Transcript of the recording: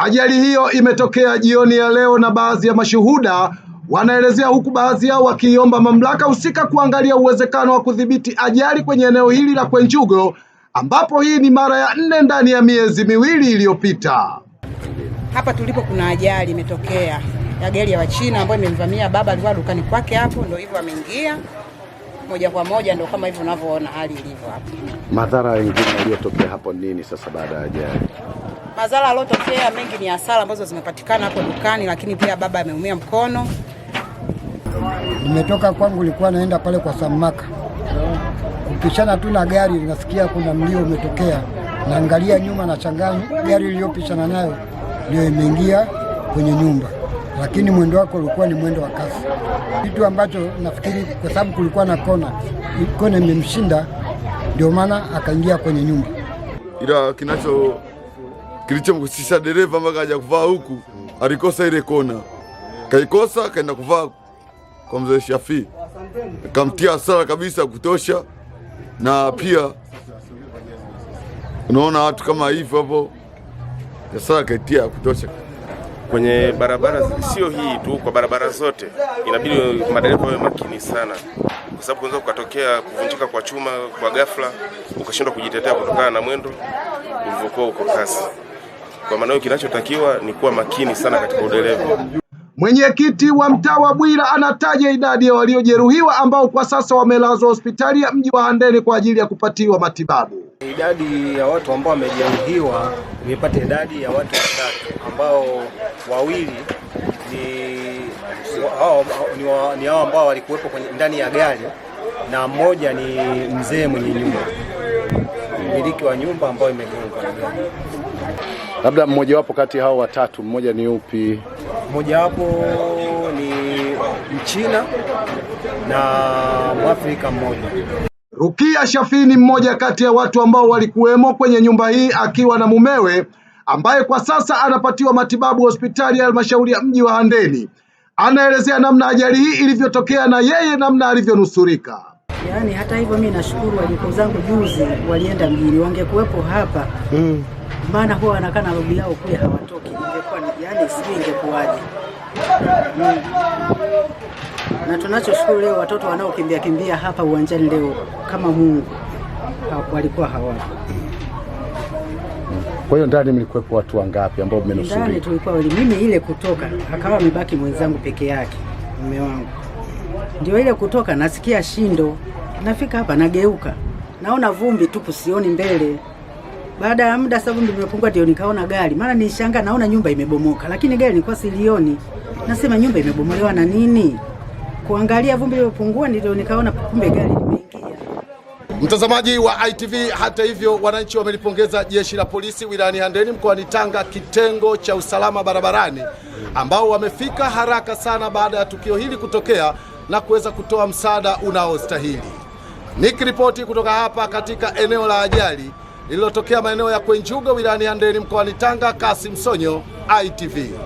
Ajali hiyo imetokea jioni ya leo na baadhi ya mashuhuda wanaelezea huku baadhi yao wakiomba mamlaka husika kuangalia uwezekano wa kudhibiti ajali kwenye eneo hili la Kwenjugo ambapo hii ni mara ya nne ndani ya miezi miwili iliyopita. Hapa tulipo kuna ajali imetokea ya gari ya Wachina ambayo imemvamia baba, alikuwa dukani kwake hapo, ndio hivyo ameingia moja kwa moja, ndio kama hivyo unavyoona hali ilivyo hapa. Madhara mengine yaliyotokea hapo nini sasa baada ya ajali? Madhara yaliyotokea mengi ni hasara ambazo zimepatikana hapo dukani, lakini pia baba ameumia mkono. Nimetoka kwangu, nilikuwa naenda pale kwa Samaka kupishana tu na gari, nasikia kuna mlio umetokea, naangalia nyuma, nachanganya gari iliyopishana nayo ndio imeingia kwenye nyumba lakini mwendo wako ulikuwa ni mwendo wa kasi, kitu ambacho nafikiri kwa sababu kulikuwa na kona, kona imemshinda ndio maana akaingia kwenye nyumba, ila kinacho kilichomkusisha dereva mpaka aja kuvaa huku, alikosa ile kona, kaikosa kaenda kuvaa kwa mzee Shafi, kamtia hasara kabisa kutosha. Na pia unaona watu kama hivyo hapo, hasara kaitia ya kutosha kwenye barabara, sio hii tu, kwa barabara zote inabidi madereva wawe makini sana, kwa sababu unaweza kukatokea kuvunjika kwa chuma kwa ghafla, ukashindwa kujitetea kutokana na mwendo ulivyokuwa uko kasi. Kwa maana hiyo, kinachotakiwa ni kuwa makini sana katika udereva. Mwenyekiti wa mtaa wa Bwira anataja idadi ya waliojeruhiwa ambao kwa sasa wamelazwa hospitali ya mji wa Handeni kwa ajili ya kupatiwa matibabu. Idadi ya watu ambao wamejeruhiwa nimepata idadi ya watu watatu ambao wawili ni hao ambao walikuwepo ndani ya gari na mmoja ni mzee mwenye nyumba, mmiliki wa nyumba ambayo imegongwa na gari. Labda mmojawapo kati hao watatu, mmoja ni upi? Mmojawapo ni Mchina na Mwafrika mmoja. Rukia Shafii ni mmoja kati ya watu ambao walikuwemo kwenye nyumba hii akiwa na mumewe ambaye kwa sasa anapatiwa matibabu hospitali ya halmashauri ya mji wa Handeni. Anaelezea namna ajali hii ilivyotokea na yeye namna alivyonusurika. Yaani hata hivyo, mimi nashukuru wajukuu zangu juzi walienda mjini, wangekuwepo hapa mm. Maana huwa wanakaa na babu yao kule hawatoki, ingekuwa yaani, sijui ingekuwaje mm na tunachoshukuru leo watoto wanaokimbia kimbia hapa uwanjani leo kama Mungu walikuwa hawapo. Kwa hiyo ndani mlikuwepo watu wangapi ambao mmenusurika? Ndani tulikuwa mimi ile kutoka, akawa amebaki mwenzangu peke yake, mume wangu. Ndio ile kutoka, nasikia shindo, nafika hapa nageuka, naona vumbi tu kusioni mbele. Baada ya muda, sababu nimepungua, ndio nikaona gari. Maana nishanga, naona nyumba imebomoka, lakini gari nilikuwa silioni. Nasema nyumba imebomolewa na nini? kuangalia vumbi lilopungua, ndio nikaona kumbe gari Mtazamaji wa ITV. Hata hivyo, wananchi wamelipongeza jeshi la polisi wilayani Handeni mkoani Tanga, kitengo cha usalama barabarani, ambao wamefika haraka sana baada ya tukio hili kutokea na kuweza kutoa msaada unaostahili. Nikiripoti kutoka hapa katika eneo la ajali lililotokea maeneo ya Kwenjuga wilayani Handeni mkoani Tanga, Kasim Sonyo, ITV.